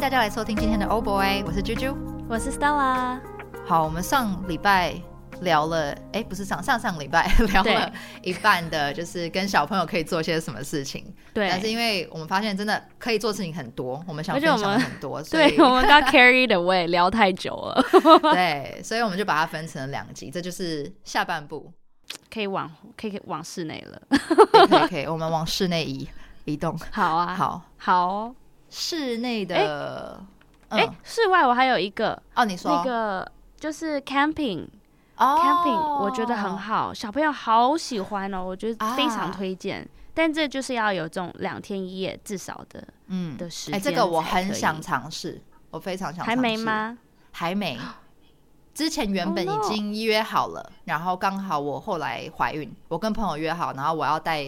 大家來收聽今天的《Oh Boy》，我是啾啾，我是 Stella。好，我們上禮拜聊了，哎、欸，不是上上上禮拜聊了一半的，就是跟小朋友可以做些什麼事情。對，但是因為我們發現真的可以做事情很多，我們想分享很多，所以對我們剛 carried away， 聊太久了。 對，所以我們就把它分成兩集，這就是下半部，可以往可以往室內了。可以、， 欸、可、以可以，我們往室內移移動。好啊，好，好、哦。室內的、欸嗯欸，室外我還有一個哦，你說那個就是 camping，camping、哦、camping 我覺得很好，小朋友好喜歡哦，我覺得非常推薦、啊，但這就是要有這種兩天一夜至少的，嗯，的時間。哎、欸，這個我很想嘗試，我非常想還沒嗎？還沒。之前原本已經約好了，oh no、然後剛好我後來懷孕，我跟朋友約好，然後我要帶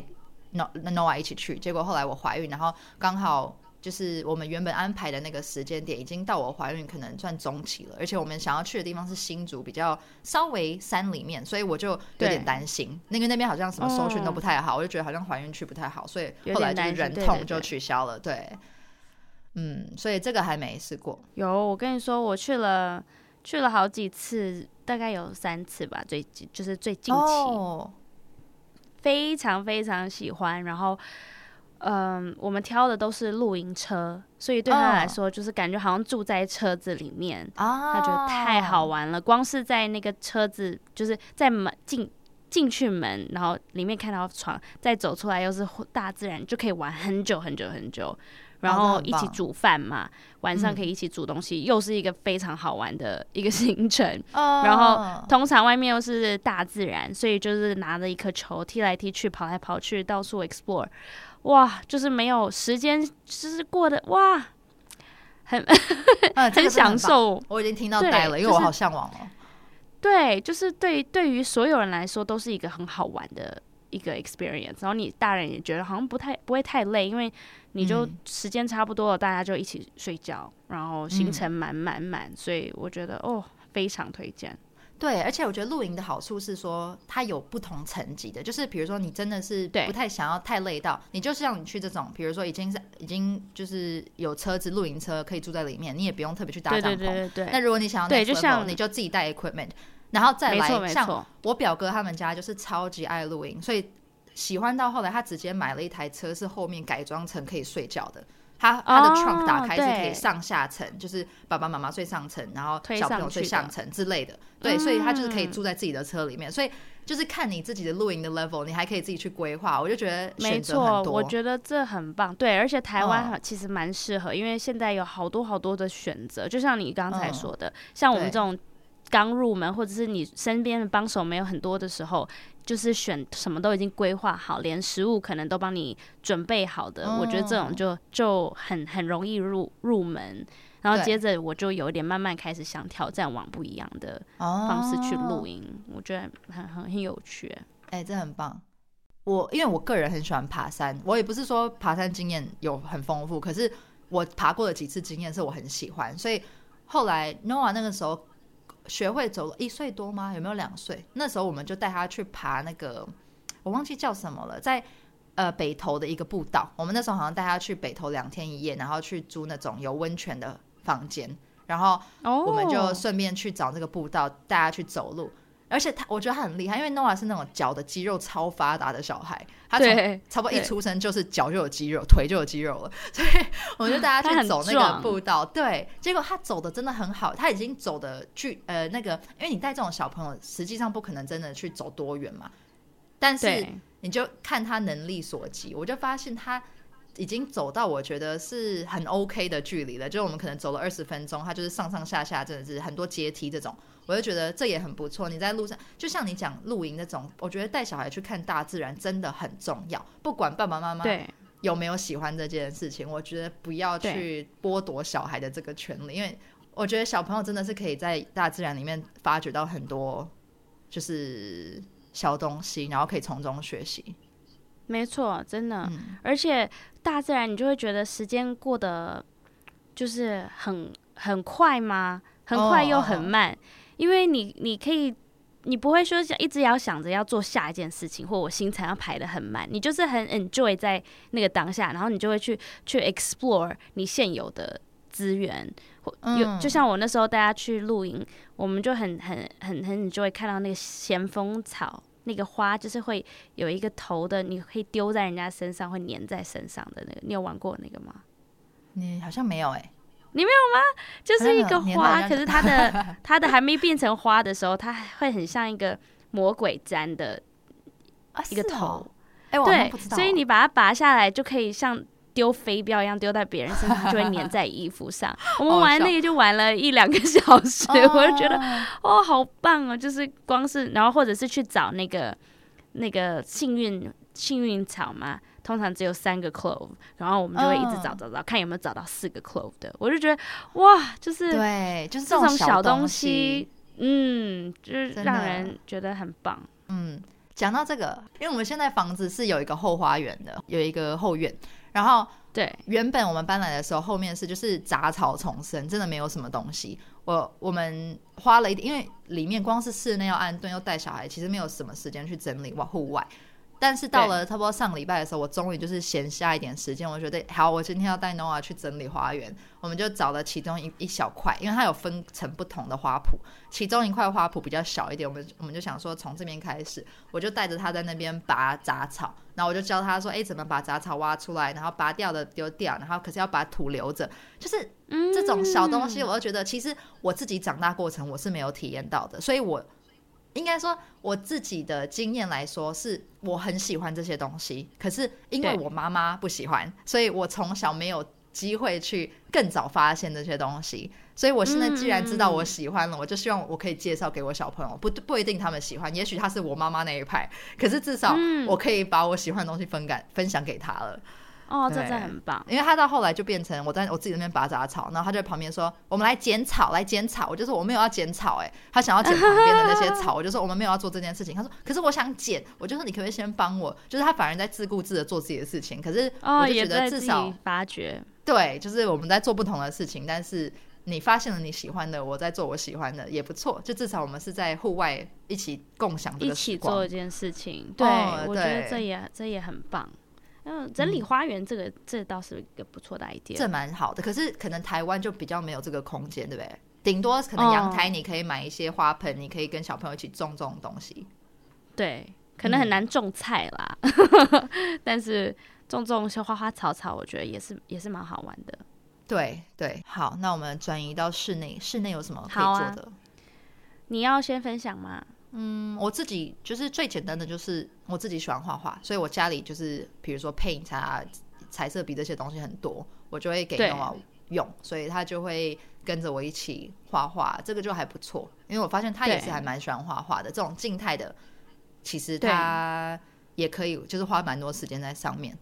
諾諾 h 一起去，結果後來我懷孕，然後剛好、嗯。就是我們原本安排的那個時間點，已經到我懷孕可能算中期了，而且我們想要去的地方是新竹，比較稍微山裡面，所以我就有點擔心，那個那邊好像什麼收訊都不太好。哦，我就覺得好像懷孕去不太好，所以後來就忍痛就取消了。對對對，對，嗯，所以這個還沒試過。有，我跟你說，我去了去了好幾次，大概有三次吧，最就是最近期，哦，非常非常喜歡，然後。嗯，我們挑的都是露營車，所以對他來說、oh. 就是感覺好像住在車子裡面，oh. 他覺得太好玩了。光是在那個車子，就是在門進進去門，然後裡面看到床，再走出來又是大自然，就可以玩很久很久很久。然後一起煮飯嘛，晚上可以一起煮東西、oh. 嗯，又是一個非常好玩的一個行程。Oh. 然後通常外面又是大自然，所以就是拿着一顆球踢來踢去，跑來跑去，到處 explore。哇，就是沒有時間，就是過得哇，很、嗯、 很享受。我已經聽到呆了，因為我好向往哦、就是。對，就是對，對於所有人來說都是一個很好玩的一個 experience。然後你大人也覺得好像不太不會太累，因為你就時間差不多了、嗯，大家就一起睡覺，然後行程滿滿滿，所以我覺得哦，非常推薦。對，而且我覺得露營的好處是說，它有不同層級的，就是比如說你真的是不太想要太累到，你就是像你去這種，比如說已經是已經就是有車子露營車可以住在裡面，你也不用特別去搭帳篷。對對對，對，那如果你想要搭帳篷，你就自己帶 equipment，然後再來。沒錯沒錯，像我表哥他們家就是超級愛露營，所以喜歡到後來他直接買了一台車，是後面改裝成可以睡覺的。他他的 trunk 打開是可以上下層，oh, 就是爸爸媽媽睡上層，然後小朋友睡上層之類的,的。對，所以他就是可以住在自己的車裡面。嗯、所以就是看你自己的露營的 level，你還可以自己去規劃。我就覺得沒錯，我覺得這很棒。對，而且台灣其實蠻適合、嗯，因為現在有好多好多的選擇。就像你剛才說的、嗯，像我們這種剛入門，或者是你身邊的幫手沒有很多的時候。就是選什麼都已經規劃好，連食物可能都幫你準備好的。Oh. 我覺得這種就就很很容易入入門。然後接着我就有點慢慢開始想挑戰往不一樣的方式去露營。oh. 我覺得很很很有趣。哎、欸，這很棒。我因為我個人很喜歡爬山，我也不是說爬山經驗有很豐富，可是我爬過的幾次經驗是我很喜歡。所以後來 Noah 那個時候。學會走路一歲多嗎？有沒有兩歲？那時候我們就帶他去爬那個，我忘記叫什麼了，在呃北投的一個步道。我們那時候好像帶他去北投兩天一夜，然後去租那種有溫泉的房間，然後我們就順便去找那個步道，帶、oh. 他去走路。而且他，我覺得他很厲害，因為 Noah 是那種腳的肌肉超發達的小孩，他從差不多一出生就是腳就有肌肉，腿就有肌肉了，所以我就帶他去走那個步道，嗯、對，結果他走的真的很好，他已經走的去呃那個，因為你帶這種小朋友，實際上不可能真的去走多遠嘛，但是你就看他能力所及，我就發現他，已經走到我覺得是很 OK 的距離了，就是我們可能走了二十分鐘，它就是上上下下，真的是很多階梯這種，我就覺得這也很不錯。你在路上，就像你講露營那種，我覺得帶小孩去看大自然真的很重要，不管爸爸媽媽有沒有喜歡這件事情，我覺得不要去剝奪小孩的這個權利，因為我覺得小朋友真的是可以在大自然裡面發掘到很多就是小東西，然後可以從中學習。沒錯，真的、嗯，而且大自然你就會覺得時間過得就是很很快嗎？很快又很慢，哦、因為你你可以你不會說想一直要想着要做下一件事情，或我行程要排得很慢，你就是很 enjoy 在那個當下，然後你就會去去 explore 你現有的資源，或、嗯、有就像我那時候大家去露營，我們就很很很很 enjoy 看到那個咸豐草。那個花就是會有一個頭的，你可以丟在人家身上，會粘在身上的那個，你有玩過那個嗎？你好像沒有哎、欸，你沒有嗎？就是一個花，是是可是它的它的還沒變成花的時候， 它會很像一個魔鬼粘的一個頭，哎、啊喔欸，對、欸我不知道喔，所以你把它拔下來就可以像。丟飛鏢一樣丟在別人身上，就會粘在衣服上。 我們玩那個就玩了一兩個小時、哦小，我就覺得哦，哦，好棒哦！就是光是，然後或者是去找那個那個幸運幸運草嘛，通常只有三個 clove，然後我們就會一直找、哦、找找，看有沒有找到四個 clove 的。我就覺得哇，就是對，就是這種小東西，嗯，就是讓人覺得很棒。嗯，講到這個，因為我們現在房子是有一個後花園的，有一個後院。然後，對，原本我們搬來的時候，後面是就是雜草叢生，真的沒有什麼東西。我我們花了一點，因為裡面光是室內要安頓，又帶小孩，其實沒有什麼時間去整理哇，戶外。但是到了差不多上個禮拜的時候，我終於就是閒下一點時間，我覺得好，我今天要帶 Noah 去整理花園，我們就找了其中一一小塊，因為它有分成不同的花圃，其中一塊花圃比較小一點，我們我們就想說從這邊開始，我就帶着他在那邊拔雜草，然後我就教他說，哎，怎麼把雜草挖出來，然後拔掉的丟掉了，然後可是要把土留着，就是這種小東西，我就覺得其實我自己長大過程我是沒有體驗到的，所以我。應該說，我自己的經驗來說，是我很喜歡這些東西。可是因為我媽媽不喜歡，所以我從小沒有機會去更早發現這些東西。所以我現在既然知道我喜歡了，嗯、我就希望我可以介紹給我小朋友。不不一定他們喜歡，也許他是我媽媽那一派。可是至少我可以把我喜歡的東西分給分享給他了。哦、oh，這真的很棒，因為他到後來就變成我在我自己那邊拔雜草，然後他就在旁邊說：“我們來剪草，來剪草。”我就說我沒有要剪草，哎，他想要剪旁邊的那些草， 我就說我們沒有要做這件事情。他說：“可是我想剪。”我就說你可不可以先幫我？就是他反而在自顧自的做自己的事情，可是我就覺得至少、oh, 自己發掘，對，就是我們在做不同的事情，但是你發現了你喜歡的，我在做我喜歡的也不錯。就至少我們是在戶外一起共享，一起做一件事情。對，oh, 我覺得這也這也很棒。嗯，整理花園這個、嗯，這倒是一個不錯的 idea。這蠻好的，可是可能台灣就比較沒有這個空間，對不對？頂多可能陽台你可以買一些花盆，哦、你可以跟小朋友一起種種東西。對，可能很難種菜啦，嗯、 但是種種一些花花草草，我覺得也是也是蠻好玩的。對對，好，那我們轉移到室內，室內有什麼可以做的？啊、你要先分享嗎？嗯，我自己就是最簡單的，就是我自己喜歡畫畫，所以我家裡就是比如說 paint 啊、彩色筆這些東西很多，我就會給我用，所以他就會跟着我一起畫畫，這個就還不錯。因為我發現他也是還蠻喜歡畫畫的，這種靜態的，其實他也可以，就是花蠻多時間在上面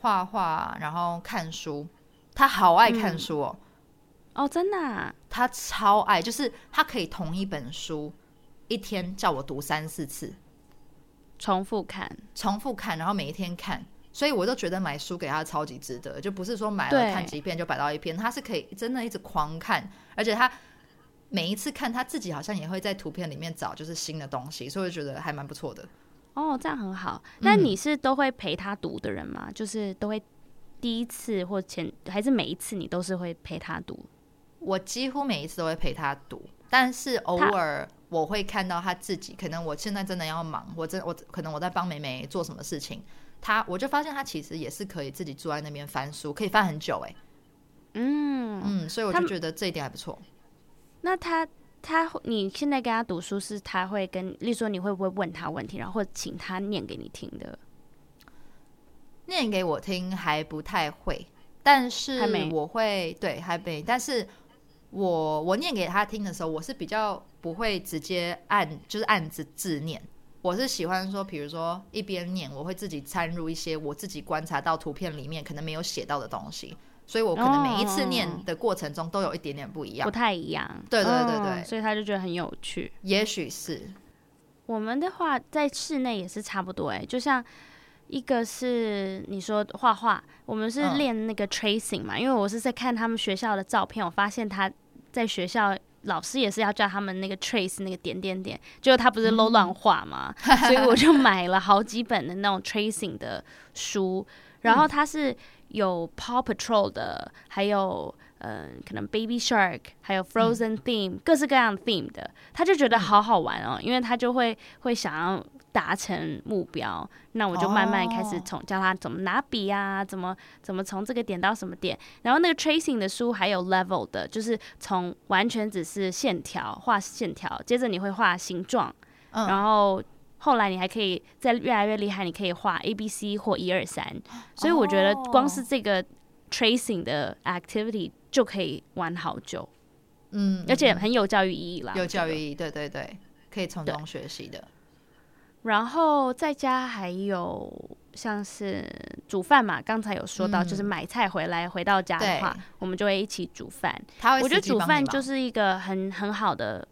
畫畫，然後看書，他好愛看書哦。嗯、哦，真的啊？他超愛，就是他可以同一本書。一天叫我讀三四次，重複看，重複看，然後每一天看，所以我都覺得買書給他超級值得，就不是說買了看幾遍就擺到一邊，他是可以真的一直狂看，而且他每一次看他自己好像也會在圖片裡面找就是新的東西，所以我覺得還蠻不錯的。哦，這樣很好。那你是都會陪他讀的人嗎？嗯、就是都會第一次或前還是每一次你都是會陪他讀？我幾乎每一次都會陪他讀，但是偶爾。我會看到他自己，可能我現在真的要忙，我真我可能我在幫妹妹做什麼事情，他我就發現他其實也是可以自己坐在那邊翻書，可以翻很久哎。嗯嗯，所以我就覺得這一點還不錯。他那他他你現在跟他讀書是他會跟，例如說你會不會問他問題，然後請他念給你聽的？念給我聽還不太會，但是我會還沒對還沒，但是我我念給他聽的時候，我是比較。不會直接按，就是按字字念，我是喜歡說，比如說一邊念，我會自己摻入一些我自己觀察到圖片裡面可能沒有寫到的東西，所以我可能每一次念的過程中都有一點點不一樣，哦、不太一樣。對對對對，對、哦，所以他就覺得很有趣。也許是，我們的話在室內也是差不多哎、欸，就像一個是你說畫畫，我們是練那個 tracing 嘛、嗯，因為我是在看他們學校的照片，我發現他在學校。老師也是要叫他們那個 trace 那個點點點，就是他不是亂亂畫嘛， 所以我就買了好幾本的那種 tracing 的書，然後他是有 Paw Patrol 的，還有嗯、呃、可能 Baby Shark，還有 Frozen、嗯、theme，各式各樣的 theme 的，他就覺得好好玩哦，因為他就會會想要。達成目標，那我就慢慢開始從教、oh. 他怎麼拿筆啊，怎麼怎麼從這個點到什麼點。然後那個 tracing 的書還有 level 的，就是從完全只是線條畫線條，接着你會畫形狀，oh. 然後後來你還可以再越來越厲害，你可以畫 A B C 或一二三。所以我覺得光是這個 tracing 的 activity 就可以玩好久，嗯、oh.，而且很有教育意義啦，有教育意義，對對對，可以從中學習的。然後在家還有像是煮飯嘛，剛才有說到就是買菜回來、嗯、回到家的話，我們就會一起煮飯。我覺得煮飯就是一個很很好的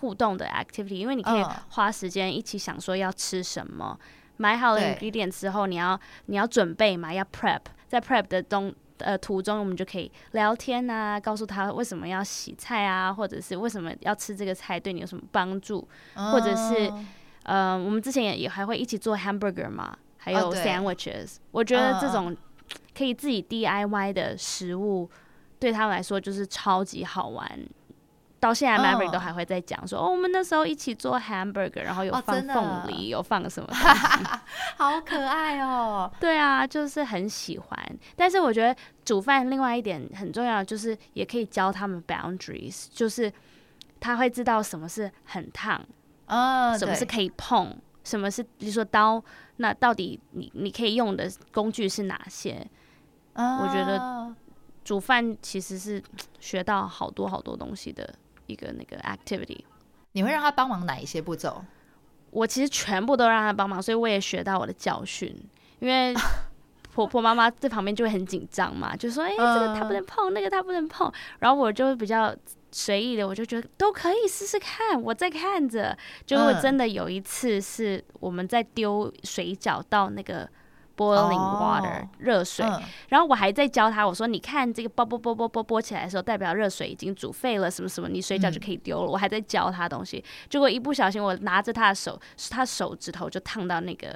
互動的 activity，因為你可以花時間一起想說要吃什麼，哦、買好了 ingredients 之後你要你要準備嘛，要 prep 在 prep 的中呃途中，我們就可以聊天啊，告訴他為什麼要洗菜啊，或者是為什麼要吃這個菜，對你有什麼幫助，嗯、或者是。嗯、呃，我們之前也也還會一起做 hamburger 嘛，還有 sandwiches、oh。我覺得這種可以自己 DIY 的食物，uh. 對他們來說就是超級好玩。到現在，Maverick 都還會在講說，uh. 哦，我們那時候一起做 hamburger，然後有放鳳梨，oh, 有放什麼， 好可愛哦。對啊，就是很喜歡。但是我覺得煮飯另外一點很重要，就是也可以教他們 boundaries，就是他會知道什麼是很燙。呃、uh,，什麼是可以碰，什麼是比如說刀，那到底你你可以用的工具是哪些？Uh, 我覺得煮飯其實是學到好多好多東西的一個那個 activity。你會讓他幫忙哪一些步驟？我其實全部都讓他幫忙，所以我也學到我的教訓，因為婆婆媽媽在旁邊就會很緊張嘛， 就說哎，欸 uh, 這個他不能碰，那個他不能碰，然後我就會比較。隨意的，我就覺得都可以試試看。我在看着，結果真的有一次是我們在丟水餃到那個 boiling water oh, 熱水，uh. 然後我還在教他，我說：“你看這個啵啵啵啵啵起來的時候，代表熱水已經煮沸了，是是什麼什麼，你水餃就可以丟了。嗯”我還在教他東西，結果一不小心，我拿着他的手，他手指頭就燙到那個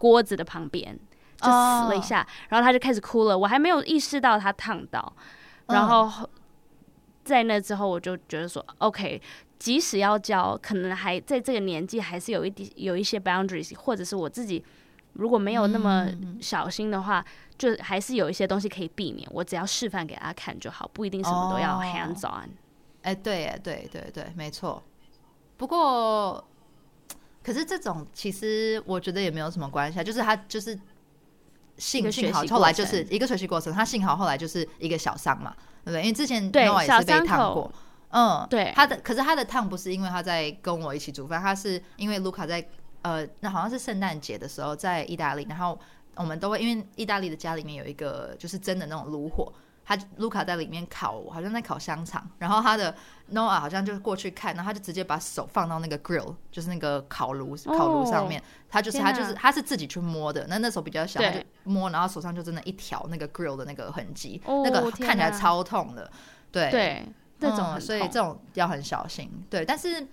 鍋子的旁邊，就撕了一下， oh, 然後他就開始哭了。我還沒有意識到他燙到，然後。Uh. 在那之後，我就覺得說，OK，即使要教，可能還在這個年紀，還是有一點有一些 boundaries，或者是我自己如果沒有那麼小心的話，嗯嗯嗯就還是有一些東西可以避免。我只要示範給他看就好，不一定什麼都要 hands on。哎、哦欸，對、欸，對，對，對，沒錯。不過，可是這種其實我覺得也沒有什麼關係，啊，就是他就是幸幸好後來就是一個學習過程，他幸好後來就是一個小傷嘛。對，對，因為之前諾瓦也是被燙過，嗯，對，他的，可是他的燙不是因為他在跟我一起煮飯，他是因為盧卡在，呃，那好像是聖誕節的時候在意大利然後我們都會因為意大利的家裡面有一個就是真的那種爐火，他盧卡在裡面烤，好像在烤香腸，然後他的。Noah，好像就是過去看，然後他就直接把手放到那個 grill，就是那個烤爐、哦、烤爐上面，他就是、啊、他就是他是自己去摸的。那那時候比較小，他就摸，然後手上就真的一條那個 grill 的那個痕跡、哦，那個看起來超痛的。對、啊、對，那、嗯、種所以這種要很小心。對，但是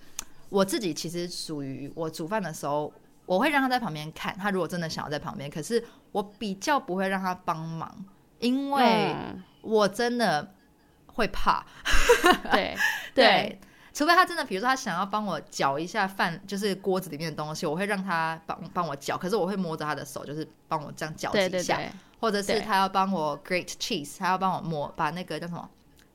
我自己其實屬於我煮飯的時候，我會讓他在旁邊看，他如果真的想要在旁邊，可是我比較不會讓他幫忙，因為我真的。嗯會怕 對，對對，除非他真的，比如說他想要幫我攪一下飯，就是鍋子裡面的東西，我會讓他幫幫我攪，可是我會摸着他的手，就是幫我這樣攪幾下。對對對。或者是他要幫我 grate cheese，他要幫我摸，把那個叫什麼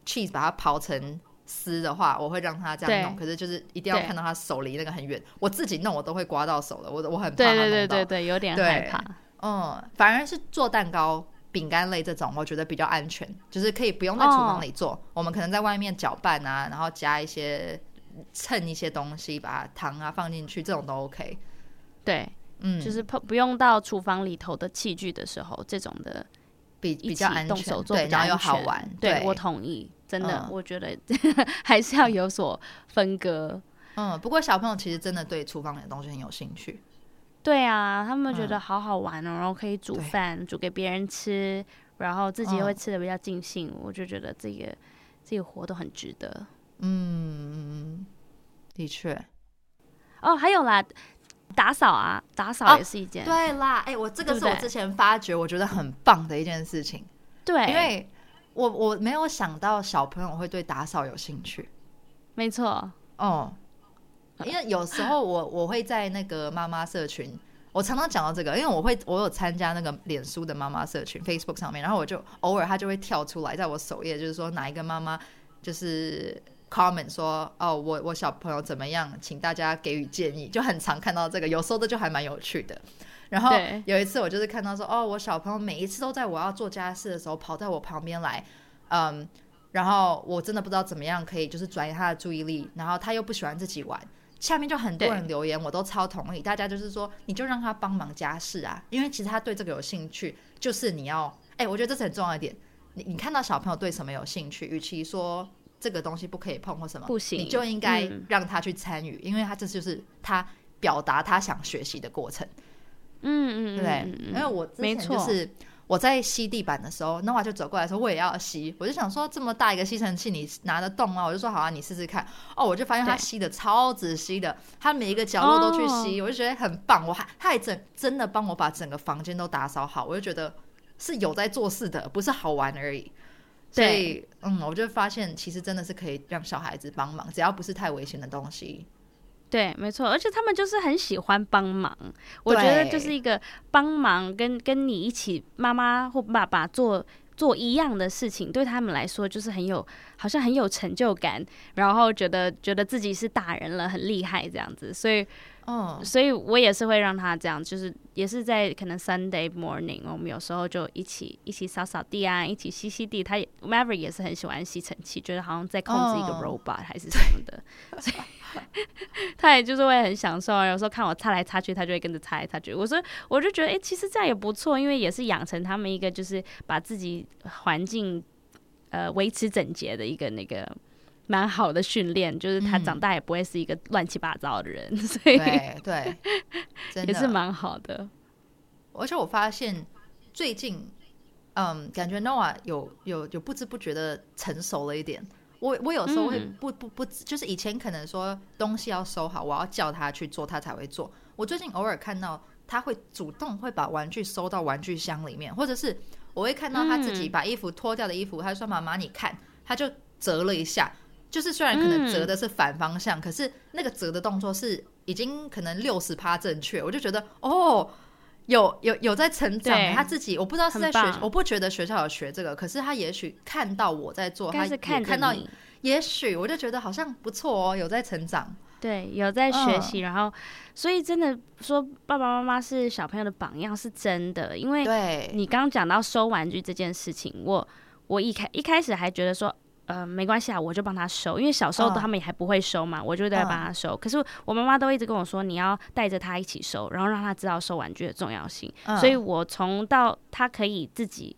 cheese，把它刨成絲的話，我會讓他這樣弄，可是就是一定要看到他手離那個很遠，我自己弄我都會刮到手的，我我很怕他弄到，對對對對，有點害怕對。嗯，反而是做蛋糕。餅乾類這種，我覺得比較安全，就是可以不用在廚房裡做，哦。我們可能在外面攪拌啊，然後加一些秤一些東西，把糖啊放進去，這種都 OK。對，嗯，就是不不用到廚房裡頭的器具的時候，這種的比較比，比較安全，對，然後比又好玩對。對，我同意，真的，嗯，我覺得，呵呵，還是要有所分割。嗯，不過小朋友其實真的對廚房裡的東西很有興趣。對啊，他們覺得好好玩哦，嗯、然後可以煮飯，煮給別人吃，然後自己會吃得比較盡興，嗯、我就覺得這個這個活都很值得。嗯，的確。哦，還有啦，打掃啊，打掃也是一件。啊、對啦，哎、欸，我這個是我之前發覺，我覺得很棒的一件事情。對，因為我我沒有想到小朋友會對打掃有興趣。沒錯。哦。因為有時候我我會在那個媽媽社群， 我常常講到這個，因為我會我有參加那個臉書的媽媽社群，Facebook 上面，然後我就偶爾他就會跳出來，在我首頁就是說哪一個媽媽就是 comment 說，哦我我小朋友怎麼樣，請大家給予建議，就很常看到這個，有時候的就還蠻有趣的。然後有一次我就是看到說，哦我小朋友每一次都在我要做家事的時候跑在我旁邊來，嗯，然後我真的不知道怎麼樣可以就是轉移他的注意力，然後他又不喜歡自己玩。下面就很多人留言，我都超同意。大家就是說，你就讓他幫忙家事啊，因為其實他對這個有興趣。就是你要，哎、欸，我覺得這是很重要一點。你你看到小朋友對什麼有興趣，與其說這個東西不可以碰或什麼不行，你就應該讓他去參與，嗯，因為他這就是他表達他想學習的過程。嗯嗯，對嗯，因為我、就是、沒錯。我在吸地板的時候，Noa 就走過來說：“我也要吸。”我就想說：“這麼大一個吸塵器，你拿得動嗎？”我就說：“好啊，你試試看。”哦，我就發現它吸得超仔細的，它每一個角落都去吸，oh. 我就覺得很棒。我還他還整，真的幫我把整個房間都打掃好，我就覺得是有在做事的，不是好玩而已。所以，嗯，我就發現其實真的是可以讓小孩子幫忙，只要不是太危險的東西。對，沒錯，而且他們就是很喜歡幫忙。我覺得就是一個幫忙跟跟你一起媽媽或爸爸做做一樣的事情，對他們來說就是很有，好像很有成就感，然後覺得覺得自己是大人了，很厲害這樣子。所以哦，oh. 所以我也是會讓他這樣，就是也是在可能 Sunday morning，我們有時候就一起一起掃掃地啊，一起吸吸地。他也 Maverick 也是很喜歡吸塵器，覺得好像在控制一個 robot，oh. 還是什麼的。 他也就是會很享受，有時候看我擦來擦去，他就會跟着擦來擦去。我說，我就覺得，哎、欸，其實這樣也不錯，因為也是養成他們一個，就是把自己環境呃維持整潔的一個那個蠻好的訓練，就是他長大也不會是一個亂七八糟的人。嗯、所以對，對，也是蠻好的。而且我發現最近，嗯，感覺 Nova 有有有不知不覺的成熟了一點。我我有時候會不不不，就是以前可能說東西要收好，我要叫他去做，他才會做。我最近偶爾看到他會主動會把玩具收到玩具箱裡面，或者是我會看到他自己把衣服脫掉的衣服，他說媽媽你看，他就折了一下，就是雖然可能折的是反方向，可是那個折的動作是已經可能六十趴正確，我就覺得哦。有有有在成長，他自己我不知道是在學，我不覺得學校有學這個，可是他也許看到我在做，是看他也看到你，也許我就覺得好像不錯哦、喔，有在成長，對，有在學習、嗯，然後，所以真的說爸爸媽媽是小朋友的榜樣是真的，因為你剛講到收玩具這件事情，我我一開一開始還覺得說。呃，沒關係啊，我就幫他收，因為小時候他們也還不會收嘛，uh, 我就在幫他收。Uh, 可是我媽媽都一直跟我說，你要帶着他一起收，然後讓他知道收玩具的重要性。Uh, 所以，我從到他可以自己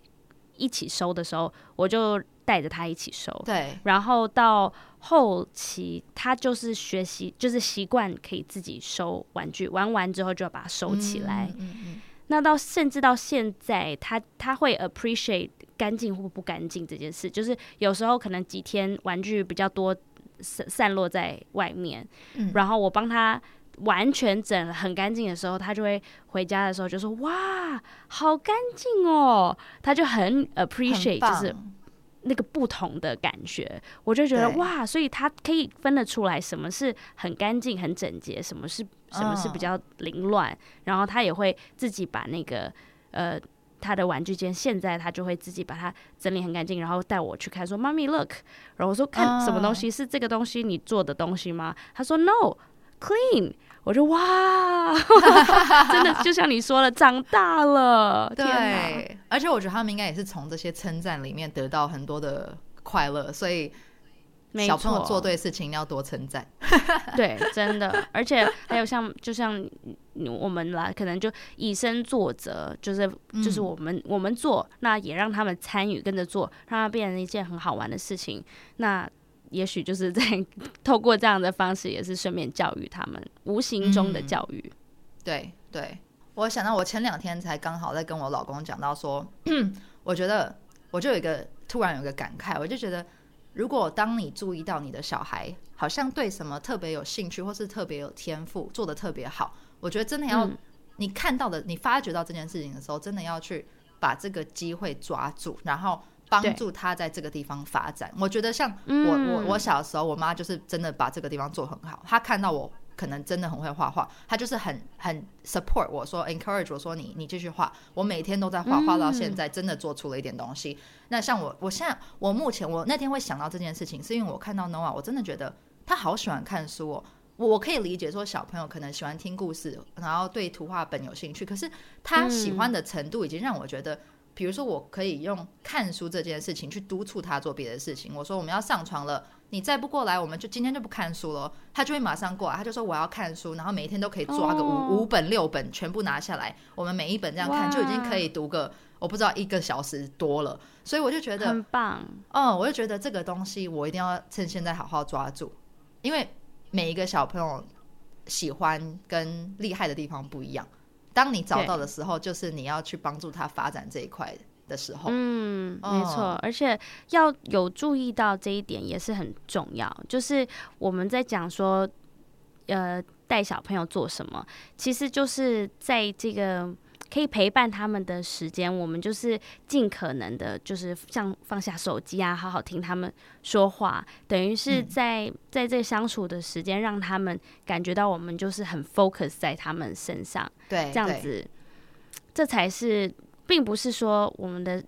一起收的時候，我就帶着他一起收。對，然後到後期他就是學習，就是習慣可以自己收玩具，玩完之後就要把它收起來。嗯嗯。嗯那到甚至到現在，他他會 appreciate 乾淨或不乾淨這件事。就是有時候可能幾天玩具比較多，散散落在外面，嗯、然後我幫他完全整很乾淨的時候，他就會回家的時候就說：“哇，好乾淨哦！”他就很 appreciate，就是。那個不同的感覺，我就覺得哇，所以他可以分得出來什麼是很乾淨很整潔，什麼是什麼是比較凌亂，oh. 然後他也會自己把那個呃他的玩具間，現在他就會自己把它整理很乾淨，然後帶我去看說媽咪 look，然後我說、oh. 看什麼東西是這個東西你做的東西嗎？他說 no clean。我就哇， 真的就像你說了，長大了。 對，而且我覺得他們應該也是從這些稱讚裡面得到很多的快樂，所以小朋友做對事情要多稱讚。 對，真的，而且還有像，就像我們來可能就以身作則，就是、嗯、就是我們我們做，那也讓他們參與跟着做，讓他變成一件很好玩的事情，那。也許就是在透過這樣的方式，也是順便教育他們，無形中的教育。嗯、對對，我想到我前兩天才剛好在跟我老公講到說、嗯，我覺得我就有一個突然有個感慨，我就覺得，如果當你注意到你的小孩好像對什麼特別有興趣，或是特別有天賦，做得特別好，我覺得真的要你看到的、嗯，你發覺到這件事情的時候，真的要去把這個機會抓住，然後。幫助他在這個地方發展，我覺得像我我我小時候，我媽就是真的把這個地方做很好。她看到我可能真的很會畫畫，她就是很很 support 我說 encourage 我說你你繼續畫。我每天都在畫畫到現在，真的做出了一點東西。那像我我現在我目前我那天會想到這件事情，是因為我看到 Noah，我真的覺得他好喜歡看書哦。我可以理解說小朋友可能喜歡聽故事，然後對圖畫本有興趣，可是他喜歡的程度已經讓我覺得。比如說，我可以用看書這件事情去督促他做別的事情。我說，我們要上床了，你再不過來，我們就今天就不看書了。他就會馬上過來，他就說我要看書，然後每一天都可以抓個五、哦、五本、六本全部拿下來，我們每一本這樣看，就已經可以讀個我不知道一個小時多了。所以我就覺得很棒，哦、嗯，我就覺得這個東西我一定要趁現在好好抓住，因為每一個小朋友喜歡跟厲害的地方不一樣。當你找到的時候，就是你要去幫助他發展這一塊的時候。嗯，哦、沒錯，而且要有注意到這一點也是很重要。就是我們在講說，呃，帶小朋友做什麼，其實就是在這個。可以陪伴他們的時間，我們就是盡可能的，就是像放下手機啊，好好聽他們說話，等於是在在這相處的時間，讓他們感覺到我們就是很 focus 在他們身上。對，這樣子，這才是，並不是說我們的，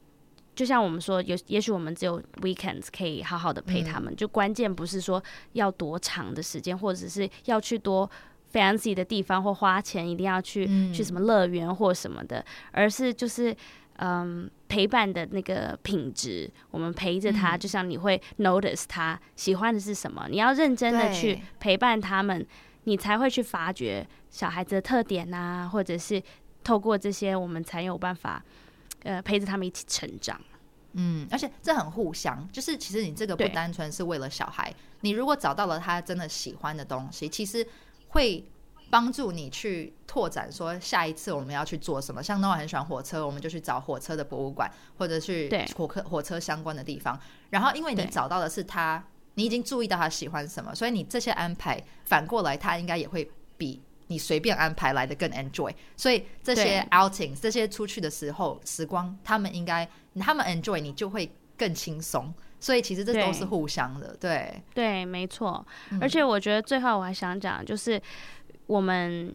就像我們說有，也許我們只有 weekends 可以好好的陪他們，嗯、就關鍵不是說要多長的時間，或者是要去多。Fancy 的地方或花錢一定要去，嗯、去什麼樂園或什麼的，而是就是嗯陪伴的那個品質，我們陪着他，嗯，就像你會 notice 他喜歡的是什麼，你要認真的去陪伴他們，你才會去發掘小孩子的特點啊，或者是透過這些，我們才有辦法呃陪着他們一起成長。嗯，而且這很互相，就是其實你這個不單純是為了小孩，你如果找到了他真的喜歡的東西，其實。會幫助你去拓展，說下一次我們要去做什麼。像那我很喜歡火車，我們就去找火車的博物館，或者去火客火車相關的地方。然後因為你找到的是他，你已經注意到他喜歡什麼，所以你這些安排反過來，他應該也會比你隨便安排來得更 enjoy。所以這些 outings，這些出去的時候時光，他們應該他們 enjoy，你就會更輕鬆。所以其實這都是互相的，對對，對，沒錯。而且我覺得最後我還想講、嗯，就是我們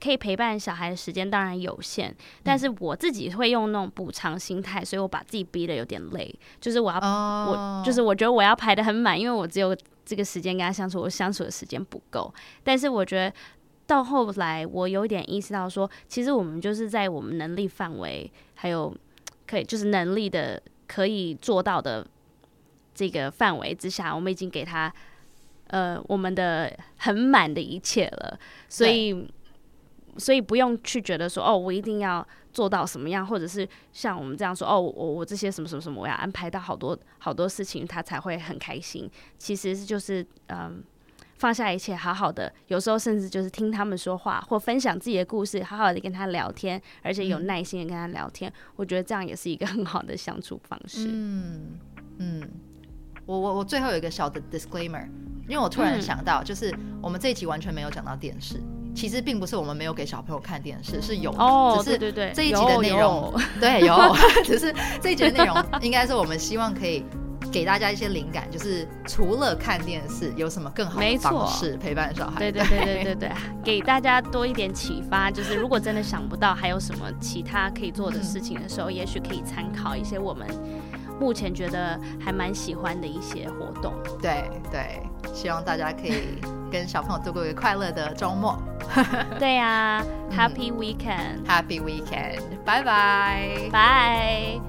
可以陪伴小孩的時間當然有限、嗯，但是我自己會用那種補償心態，所以我把自己逼得有點累。就是我要、哦、我就是我覺得我要排得很滿，因為我只有這個時間跟他相處，我相處的時間不夠。但是我覺得到後來，我有點意識到說，其實我們就是在我們能力範圍，還有可以就是能力的可以做到的。這個範圍之下，我們已經給他，呃，我們的很滿的一切了，所以，所以不用去覺得說，哦，我一定要做到什麼樣，或者是像我們這樣說，哦，我我這些什麼什麼什麼，我要安排到好多好多事情，他才會很開心。其實就是，嗯、呃，放下一切，好好的，有時候甚至就是聽他們說話，或分享自己的故事，好好的跟他聊天，而且有耐心的跟他聊天，嗯、我覺得這樣也是一個很好的相處方式。嗯嗯。我我我最後有一個小的 disclaimer，因為我突然想到，就是我們這一集完全沒有講到電視、嗯，其實並不是我們沒有給小朋友看電視，是有哦，只是對對這一集的內容對有，只是這一集的內容、哦哦、 容應該是我們希望可以給大家一些靈感，就是除了看電視， 有什麼更好的方式陪伴的小孩對？對對對對對對， 給大家多一點啟發，就是如果真的想不到還有什麼其他可以做的事情的時候，嗯、也許可以參考一些我們。目前覺得還蠻喜歡的一些活動，對對，希望大家可以跟小朋友度過一個快樂的周末。 對呀、啊 嗯、，Happy weekend，Happy weekend，拜拜，拜。